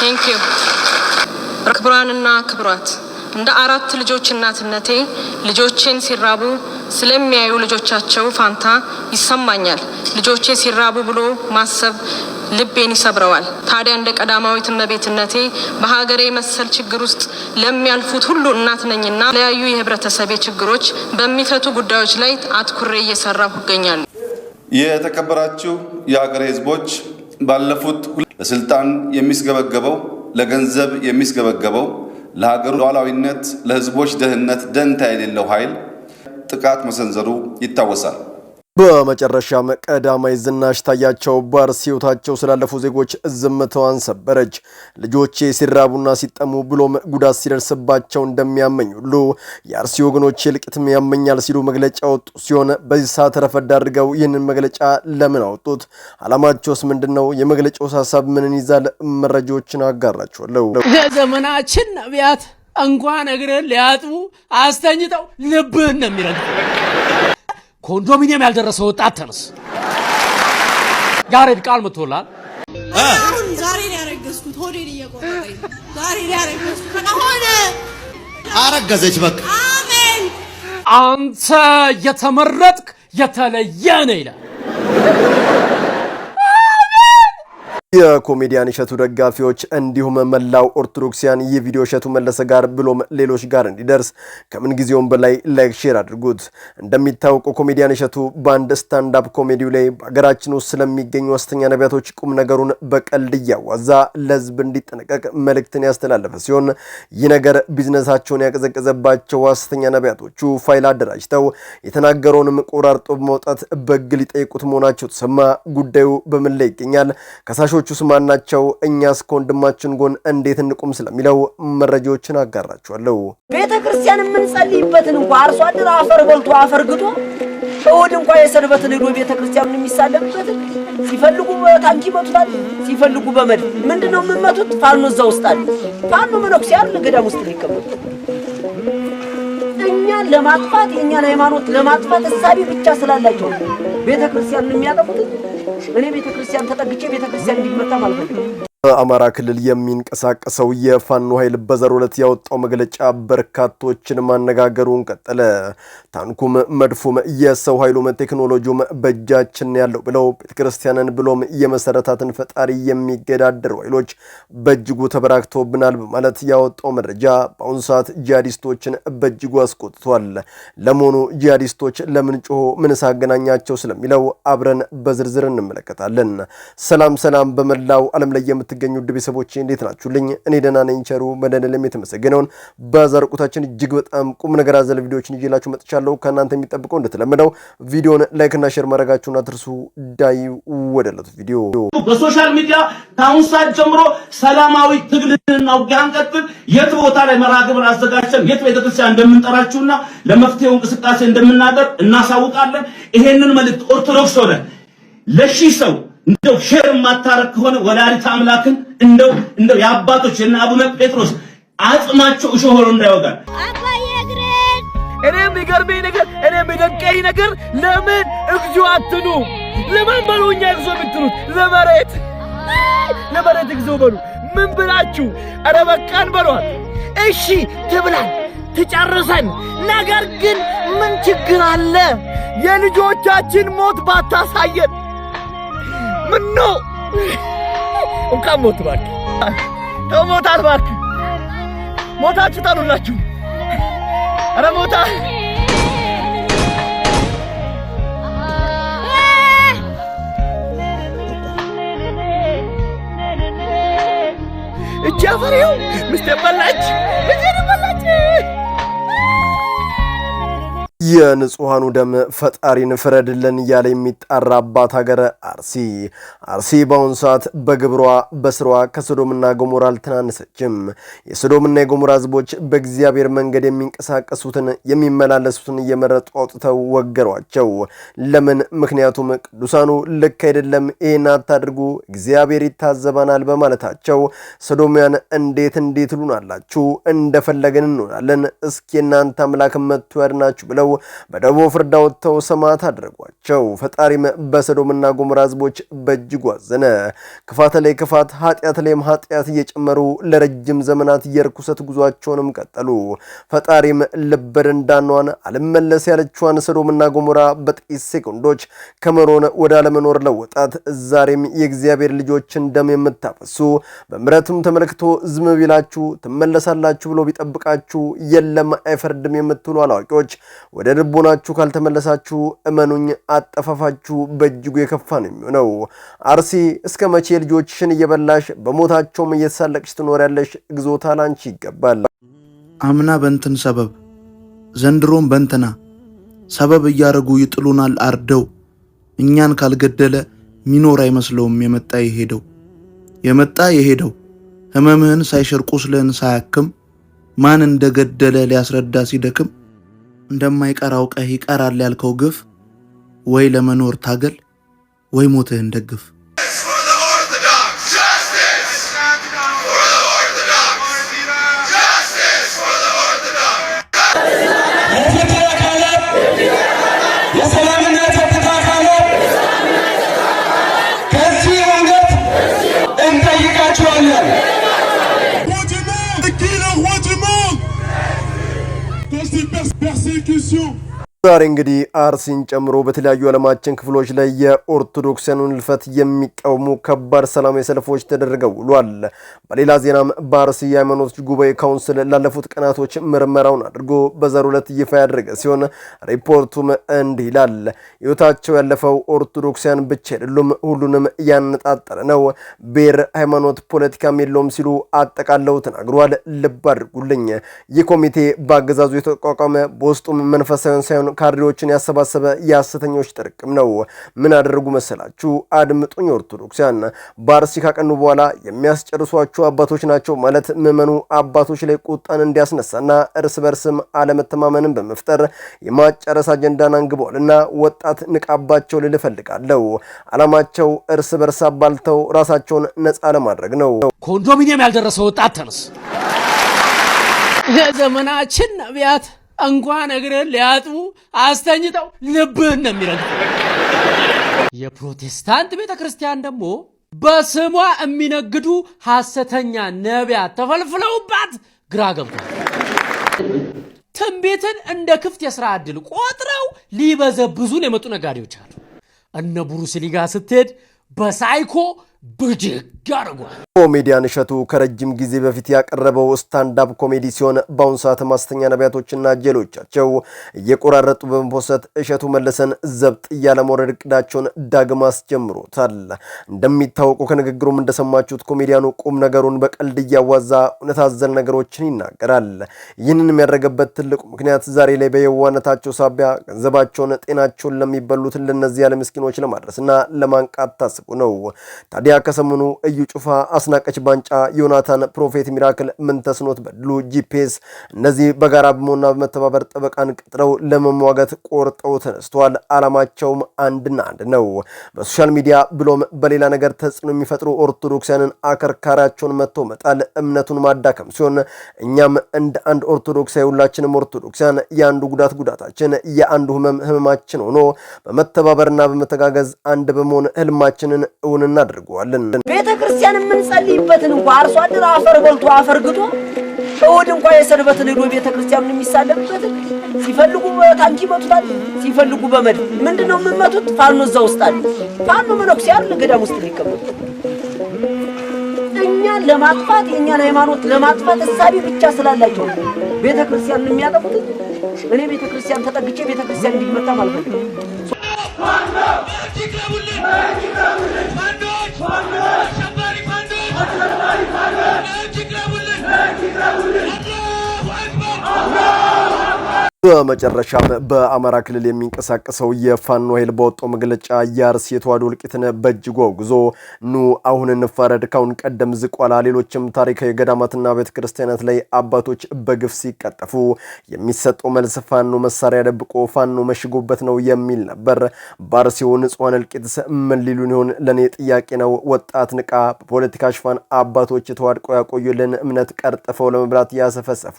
ቴንኪዩ። ክብሯንና ክቡራት እንደ አራት ልጆች እናትነቴ ልጆቼን ሲራቡ ስለሚያዩ ልጆቻቸው ፋንታ ይሰማኛል። ልጆቼ ሲራቡ ብሎ ማሰብ ልቤን ይሰብረዋል። ታዲያ እንደ ቀዳማዊት እመቤትነቴ በሀገሬ መሰል ችግር ውስጥ ለሚያልፉት ሁሉ እናት ነኝና የተለያዩ የህብረተሰቤ ችግሮች በሚፈቱ ጉዳዮች ላይ አትኩሬ እየሰራሁ እገኛለሁ። የተከበራችሁ የሀገሬ ህዝቦች ባለፉት ለስልጣን የሚስገበገበው፣ ለገንዘብ የሚስገበገበው፣ ለሀገሩ ሉዓላዊነት፣ ለህዝቦች ደህንነት ደንታ የሌለው ኃይል ጥቃት መሰንዘሩ ይታወሳል። በመጨረሻም ቀዳማዊ ዝናሽ ታያቸው ባርስ ሕይወታቸው ስላለፉ ዜጎች ዝምታዋን ሰበረች። ልጆቼ ሲራቡና ሲጠሙ ብሎም ጉዳት ሲደርስባቸው እንደሚያመኝ ሁሉ የአርሲ ወገኖች እልቂትም ያመኛል ሲሉ መግለጫ ወጡ ሲሆን በዚህ ሰዓት ረፈድ አድርገው ይህንን መግለጫ ለምን አወጡት? አላማቸውስ ምንድን ነው? የመግለጫው ሀሳብ ምንን ይዛል? መረጃዎችን አጋራችኋለሁ። ዘመናችን ነቢያት እንኳን እግርን ሊያጥቡ አስተኝተው ልብህን ነው ኮንዶሚኒየም ያልደረሰ ወጣት ተነስ ያሬድ ቃል መቶላል። አሁን ዛሬ ነው ያረገዝኩት። ሆዴን እየቆረጠኝ ዛሬ ነው ያረገዝኩት። አረገዘች። በቃ አሜን። አንተ የተመረጥክ የተለየ ነህ ይላል የኮሜዲያን እሸቱ ደጋፊዎች እንዲሁም መላው ኦርቶዶክሲያን ይህ ቪዲዮ እሸቱ መለሰ ጋር ብሎም ሌሎች ጋር እንዲደርስ ከምን ጊዜውም በላይ ላይክ፣ ሼር አድርጉት። እንደሚታወቀው ኮሜዲያን እሸቱ በአንድ ስታንዳፕ ኮሜዲው ላይ በሀገራችን ውስጥ ስለሚገኙ ሐሰተኛ ነቢያቶች ቁም ነገሩን በቀልድ እያዋዛ ለሕዝብ እንዲጠነቀቅ መልእክትን ያስተላለፈ ሲሆን ይህ ነገር ቢዝነሳቸውን ያቀዘቀዘባቸው ሐሰተኛ ነቢያቶቹ ፋይል አደራጅተው የተናገረውንም ቆራርጦ በመውጣት በሕግ ሊጠይቁት መሆናቸው ተሰማ። ጉዳዩ በምን ላይ ይገኛል? ከሳሾ ልጆቹስ ማን ናቸው? እኛስ ከወንድማችን ጎን እንዴት እንቁም ስለሚለው መረጃዎችን አጋራችኋለሁ። ቤተ ክርስቲያን የምንጸልይበትን እንኳ አርሶ አደር አፈር በልቶ አፈር ግቶ እሑድ እንኳ የሰንበትን ሄዶ ቤተ ክርስቲያኑን የሚሳለምበትን ሲፈልጉ በታንክ ይመቱታል፣ ሲፈልጉ በመድ ምንድነው የምመቱት? ፋኖ እዛ ውስጥ አለ። ፋኖ መነኩሴ ያል ገዳም ውስጥ ሊቀመጡ ክርስቲያንን ለማጥፋት የእኛን ሃይማኖት ለማጥፋት እሳቤ ብቻ ስላላቸው ቤተ ክርስቲያንን የሚያጠፉት እኔ ቤተ ክርስቲያን ተጠግቼ ቤተ ክርስቲያን እንዲመታ ማለት ነው። በአማራ ክልል የሚንቀሳቀሰው የፋኖ ኃይል በዘር ሁለት ያወጣው መግለጫ በርካቶችን ማነጋገሩን ቀጠለ። ታንኩም መድፉም የሰው ኃይሉም ቴክኖሎጂውም በእጃችን ያለው ብለው ቤተክርስቲያንን ብሎም የመሰረታትን ፈጣሪ የሚገዳደሩ ኃይሎች በእጅጉ ተበራክቶብናል በማለት ያወጣው መረጃ በአሁኑ ሰዓት ጂሃዲስቶችን በእጅጉ አስቆጥቷል። ለመሆኑ ጂሃዲስቶች ለምን ጮሆ ምንስ አገናኛቸው ስለሚለው አብረን በዝርዝር እንመለከታለን። ሰላም ሰላም በመላው ዓለም ላይ የምትገኙ ውድ ቤተሰቦቼ እንዴት ናችሁልኝ? እኔ ደህና ነኝ። ቸሩ መድኃኔዓለም የተመሰገነውን በዛሬው ቆይታችን እጅግ በጣም ቁም ነገር አዘል ቪዲዮዎችን ይዤላችሁ መጥቻለሁ። ከእናንተ የሚጠብቀው እንደተለመደው ቪዲዮን ላይክና ሼር ማድረጋችሁን አትርሱ። ዳይ ወደለት ቪዲዮ በሶሻል ሚዲያ ከአሁን ሰዓት ጀምሮ ሰላማዊ ትግልን አውጊያን ቀጥል የት ቦታ ላይ መርሃ ግብር አዘጋጅተን የት ቤተክርስቲያን እንደምንጠራችሁና ለመፍትሄው እንቅስቃሴ እንደምናደርግ እናሳውቃለን። ይሄንን መልእክት ኦርቶዶክስ ሆነ ለሺህ ሰው እንደው ሼር ማታረክ ከሆነ ወላዲት አምላክን እንደው እንደው የአባቶች እና አቡነ ጴጥሮስ አጽማቸው እሾህ ሆኖ እንዳይወጋል። እኔ የሚገርመኝ ነገር እኔ የሚደንቀኝ ነገር ለምን እግዚኦ አትሉ? ለምን በሉ እግዚኦ የምትሉት ለመሬት ለመሬት እግዚኦ በሉ። ምን ብላችሁ? ኧረ በቃን በሏል። እሺ ትብላን ትጨርሰን። ነገር ግን ምን ችግር አለ? የልጆቻችን ሞት ባታሳየን ምን ነው እንኳን ሞት ባክ ተው ሞታል ባክ ሞታችሁ ታሉላችሁ። አረ ሞታ እጅ አፈር ምስቴ በላች። የንጹሐኑ ደም ፈጣሪን ፍረድልን እያለ የሚጣራባት አባት ሀገር አርሲ። አርሲ በአሁኑ ሰዓት በግብሯ በስሯ ከሶዶምና ጎሞራ አልተናነሰችም። የሶዶምና የጎሞራ ህዝቦች በእግዚአብሔር መንገድ የሚንቀሳቀሱትን የሚመላለሱትን እየመረጡ አውጥተው ወገሯቸው። ለምን? ምክንያቱም ቅዱሳኑ ልክ አይደለም፣ ይህን አታድርጉ፣ እግዚአብሔር ይታዘበናል በማለታቸው ሶዶሚያን እንዴት እንዴት ሉናላችሁ እንደፈለገን እንሆናለን፣ እስኪ እናንተ አምላክ መጥቶ ያድናችሁ ብለው በደቦ ፍርዳ ወጥተው ሰማዕት አድረጓቸው። ፈጣሪም በሰዶምና ጎሞራ ህዝቦች በእጅጉ አዘነ። ክፋት ላይ ክፋት፣ ኃጢአት ላይም ኃጢአት እየጨመሩ ለረጅም ዘመናት የርኩሰት ጉዟቸውንም ቀጠሉ። ፈጣሪም ልበደንዳኗን አልመለስ ያለችዋን ሰዶምና ጎሞራ በጥቂት ሴኮንዶች ከመኖር ወደ አለመኖር ለወጣት ዛሬም የእግዚአብሔር ልጆችን ደም የምታፈሱ በምረቱም ተመልክቶ ዝም ቢላችሁ ትመለሳላችሁ ብሎ ቢጠብቃችሁ የለም አይፈርድም የምትሉ አላዋቂዎች ወደ ወደ ልቦናችሁ ካልተመለሳችሁ እመኑኝ አጠፋፋችሁ በእጅጉ የከፋ ነው የሚሆነው። አርሲ እስከ መቼ ልጆችሽን እየበላሽ በሞታቸውም እየተሳለቅሽ ትኖሪያለሽ? እግዞታ ላንቺ ይገባል። አምና በንትን ሰበብ ዘንድሮም በንትና ሰበብ እያደረጉ ይጥሉናል አርደው። እኛን ካልገደለ ሚኖር አይመስለውም የመጣ የሄደው የመጣ የሄደው ህመምህን ሳይሸርቁ ቁስልህን ሳያክም ማን እንደገደለ ሊያስረዳ ሲደክም እንደማይቀር አውቀህ ይቀራል ያልከው ግፍ ወይ ለመኖር ታገል ወይ ሞትህን ደግፍ። Attention ዛሬ እንግዲህ አርሲን ጨምሮ በተለያዩ ዓለማችን ክፍሎች ላይ የኦርቶዶክሳውያኑን እልፈት የሚቃወሙ ከባድ ሰላማዊ ሰልፎች ተደርገው ውሏል። በሌላ ዜናም በአርሲ የሃይማኖቶች ጉባኤ ካውንስል ላለፉት ቀናቶች ምርመራውን አድርጎ በዛሬው ዕለት ይፋ ያደረገ ሲሆን ሪፖርቱም እንዲህ ይላል። ሕይወታቸው ያለፈው ኦርቶዶክሳውያን ብቻ አይደሉም፣ ሁሉንም ያነጣጠረ ነው። ብሔር፣ ሃይማኖት፣ ፖለቲካም የለውም ሲሉ አጠቃለው ተናግሯል። ልብ አድርጉልኝ። ይህ ኮሚቴ በአገዛዙ የተቋቋመ በውስጡም መንፈሳዊን ሳይሆን ካድሬዎችን ያሰባሰበ የሐሰተኞች ጥርቅም ነው። ምን አደረጉ መሰላችሁ? አድምጡኝ ኦርቶዶክሲያን። በአርሲ ካቀኑ በኋላ የሚያስጨርሷችሁ አባቶች ናቸው ማለት ምዕመኑ አባቶች ላይ ቁጣን እንዲያስነሳና እርስ በርስም አለመተማመንን በመፍጠር የማጨረስ አጀንዳን አንግበዋልና ወጣት ንቃባቸው ልል እፈልጋለሁ። ዓላማቸው እርስ በርስ አባልተው ራሳቸውን ነፃ ለማድረግ ነው። ኮንዶሚኒየም ያልደረሰ ወጣት ተነስ። ዘመናችን ነቢያት እንኳን እግርህን ሊያጥቡ አስተኝተው ልብህን ነው የሚረግጡ። የፕሮቴስታንት ቤተ ክርስቲያን ደግሞ በስሟ የሚነግዱ ሐሰተኛ ነቢያት ተፈልፍለውባት ግራ ገብቷል። ትንቢትን እንደ ክፍት የሥራ ዕድል ቆጥረው ሊበዘብዙን የመጡ ነጋዴዎች አሉ። እነ ቡሩስሊ ሊጋ ስትሄድ በሳይኮ ብድግ ኮሜዲያን እሸቱ ከረጅም ጊዜ በፊት ያቀረበው ስታንዳፕ ኮሜዲ ሲሆን በአሁኑ ሰዓት ማስተኛ ነቢያቶችና ጀሎቻቸው እየቆራረጡ በመፖሰት እሸቱ መለሰን ዘብጥ እያለመውረድ ቅዳቸውን እቅዳቸውን ዳግም አስጀምሮታል። እንደሚታወቁ ከንግግሩም እንደሰማችሁት ኮሜዲያኑ ቁም ነገሩን በቀልድ እያዋዛ እውነት አዘል ነገሮችን ይናገራል። ይህንን የሚያደርገበት ትልቁ ምክንያት ዛሬ ላይ በየዋነታቸው ሳቢያ ገንዘባቸውን፣ ጤናቸውን ለሚበሉት ለነዚህ ያለ ምስኪኖች ለማድረስና ለማንቃት ታስቡ ነው። ታዲያ ከሰሞኑ እዩ ልዩ ጩፋ፣ አስናቀች ባንጫ፣ ዮናታን ፕሮፌት፣ ሚራክል ምንተስኖት በድሉ፣ ጂፒኤስ እነዚህ በጋራ በመሆንና በመተባበር ጠበቃን ቀጥረው ለመሟገት ቆርጠው ተነስተዋል። አላማቸውም አንድና አንድ ነው። በሶሻል ሚዲያ ብሎም በሌላ ነገር ተጽዕኖ የሚፈጥሩ ኦርቶዶክሳውያንን አከርካሪያቸውን መጥተው መጣል፣ እምነቱን ማዳከም ሲሆን እኛም እንደ አንድ ኦርቶዶክሳዊ ሁላችንም ኦርቶዶክሳን የአንዱ ጉዳት ጉዳታችን የአንዱ ህመም ህመማችን ሆኖ በመተባበርና በመተጋገዝ አንድ በመሆን ህልማችንን እውን እናደርገዋለን። ክርስቲያን የምንጸልይበትን እንኳ አርሶ አደር አፈር በልቶ አፈር ግጦ እሑድ እንኳ የሰንበትን ሄዶ ቤተ ክርስቲያኑን የሚሳለምበትን ሲፈልጉ በታንኪ ይመቱታል፣ ሲፈልጉ በመድ ምንድን ነው የምመቱት? ፋኖ እዛ ውስጥ አለ። ፋኖ መነኩሴ ያሉ ገዳም ውስጥ ሊቀመጡ እኛን ለማጥፋት የእኛን ሃይማኖት ለማጥፋት እሳቤ ብቻ ስላላቸው ቤተ ክርስቲያኑን የሚያጠፉት። እኔ ቤተ ክርስቲያን ተጠግቼ ቤተ ክርስቲያን ማለት ነው። ማንዶች ማንዶች Brasil! በመጨረሻም በአማራ ክልል የሚንቀሳቀሰው የፋኖ ኃይል በወጣው መግለጫ የአርሲ የተዋሕዶ እልቂትን በእጅጉ አውግዞ ኑ አሁን እንፋረድ፣ ካሁን ቀደም ዝቋላ፣ ሌሎችም ታሪካዊ ገዳማትና ቤተ ክርስቲያናት ላይ አባቶች በግፍ ሲቀጠፉ የሚሰጠው መልስ ፋኖ መሳሪያ ደብቆ ፋኖ መሽጎበት ነው የሚል ነበር። በአርሲው ንጹሐን እልቂትስ ምን ሊሉን ይሆን? ለእኔ ጥያቄ ነው። ወጣት ንቃ። በፖለቲካ ሽፋን አባቶች ተዋድቆ ያቆዩልን እምነት ቀርጥፈው ለመብላት ያሰፈሰፉ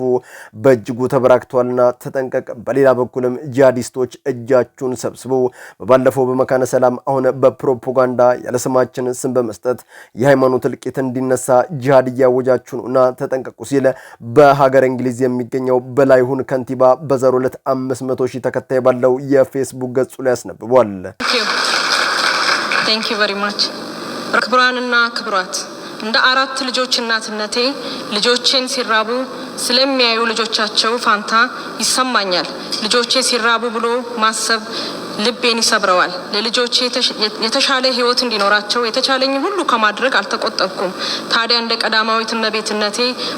በእጅጉ ተበራክቷልና ተጠንቀ ማስጠንቀቅ፣ በሌላ በኩልም ጂሃዲስቶች እጃችሁን ሰብስቡ፣ በባለፈው በመካነ ሰላም አሁን በፕሮፓጋንዳ ያለስማችን ስም በመስጠት የሃይማኖት እልቂት እንዲነሳ ጂሃድ እያወጃችሁን እና ተጠንቀቁ ሲል በሀገር እንግሊዝ የሚገኘው በላይሁን ከንቲባ በዘሮ ዕለት አምስት መቶ ሺህ ተከታይ ባለው የፌስቡክ ገጹ ላይ አስነብቧል። ክቡራንና ክቡራት እንደ አራት ልጆች እናትነቴ ልጆቼን ሲራቡ ስለሚያዩ ልጆቻቸው ፋንታ ይሰማኛል። ልጆቼ ሲራቡ ብሎ ማሰብ ልቤን ይሰብረዋል። ለልጆቼ የተሻለ ሕይወት እንዲኖራቸው የተቻለኝ ሁሉ ከማድረግ አልተቆጠብኩም። ታዲያ እንደ ቀዳማዊት እመቤትነቴ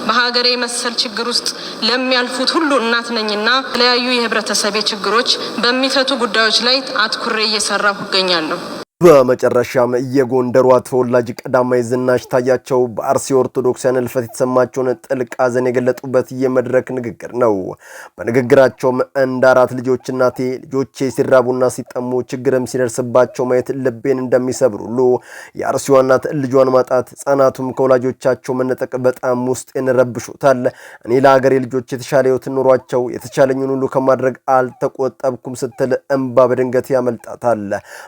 በሀገሬ መሰል ችግር ውስጥ ለሚያልፉት ሁሉ እናት ነኝና የተለያዩ የህብረተሰቤ ችግሮች በሚፈቱ ጉዳዮች ላይ አትኩሬ እየሰራሁ እገኛለሁ። በመጨረሻም የጎንደሯ ተወላጅ ቀዳማዊ ዝናሽ ታያቸው በአርሲ ኦርቶዶክሳውያን እልፈት የተሰማቸውን ጥልቅ ሐዘን የገለጡበት የመድረክ ንግግር ነው። በንግግራቸውም እንደ አራት ልጆች እናቴ ልጆቼ ሲራቡና ሲጠሙ ችግርም ሲደርስባቸው ማየት ልቤን እንደሚሰብር ሁሉ የአርሲዋ እናት ልጇን ማጣት፣ ህጻናቱም ከወላጆቻቸው መነጠቅ በጣም ውስጤን ረብሾታል። እኔ ለሀገሬ ልጆች የተሻለ ህይወት ኑሯቸው የተቻለኝን ሁሉ ከማድረግ አልተቆጠብኩም ስትል እንባ በድንገት ያመልጣታል።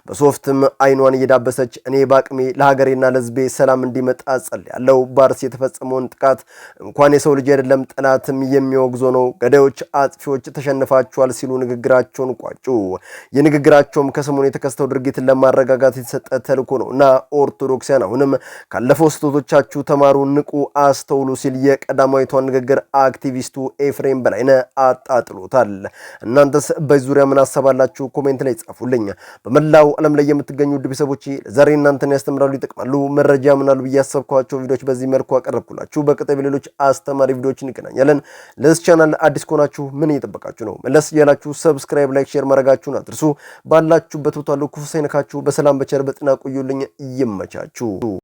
በሶፍትም አይኗን እየዳበሰች እኔ በአቅሜ ለሀገሬና ለህዝቤ ሰላም እንዲመጣ ጸልያለሁ። ባርስ የተፈጸመውን ጥቃት እንኳን የሰው ልጅ አይደለም ጠላትም የሚወግዞ ነው። ገዳዮች፣ አጥፊዎች ተሸንፋችኋል ሲሉ ንግግራቸውን ቋጩ። የንግግራቸውም ከሰሞኑ የተከስተው ድርጊትን ለማረጋጋት የተሰጠ ተልእኮ ነው እና ኦርቶዶክሲያን አሁንም ካለፈው ስህተቶቻችሁ ተማሩ፣ ንቁ፣ አስተውሉ ሲል የቀዳማዊቷን ንግግር አክቲቪስቱ ኤፍሬም በላይነ አጣጥሎታል። እናንተስ በዚህ ዙሪያ ምን አሰባላችሁ ኮሜንት ላይ ጻፉልኝ። በመላው ዓለም ላይ የምትገኙ የምትገኙ ውድ ቤተሰቦች ዛሬ እናንተን ያስተምራሉ፣ ይጠቅማሉ፣ መረጃ ምናሉ ብዬ ያሰብኳቸው ቪዲዮዎች በዚህ መልኩ አቀረብኩላችሁ። በቀጣይ በሌሎች አስተማሪ ቪዲዮዎች እንገናኛለን። ለዚህ ቻናል አዲስ ከሆናችሁ ምን እየጠበቃችሁ ነው? መለስ እያላችሁ ሰብስክራይብ፣ ላይክ፣ ሼር ማድረጋችሁን አትርሱ። ባላችሁበት ቦታ ሁሉ ክፉ ሳይነካችሁ በሰላም በቸር በጤና ቆዩልኝ። ይመቻችሁ።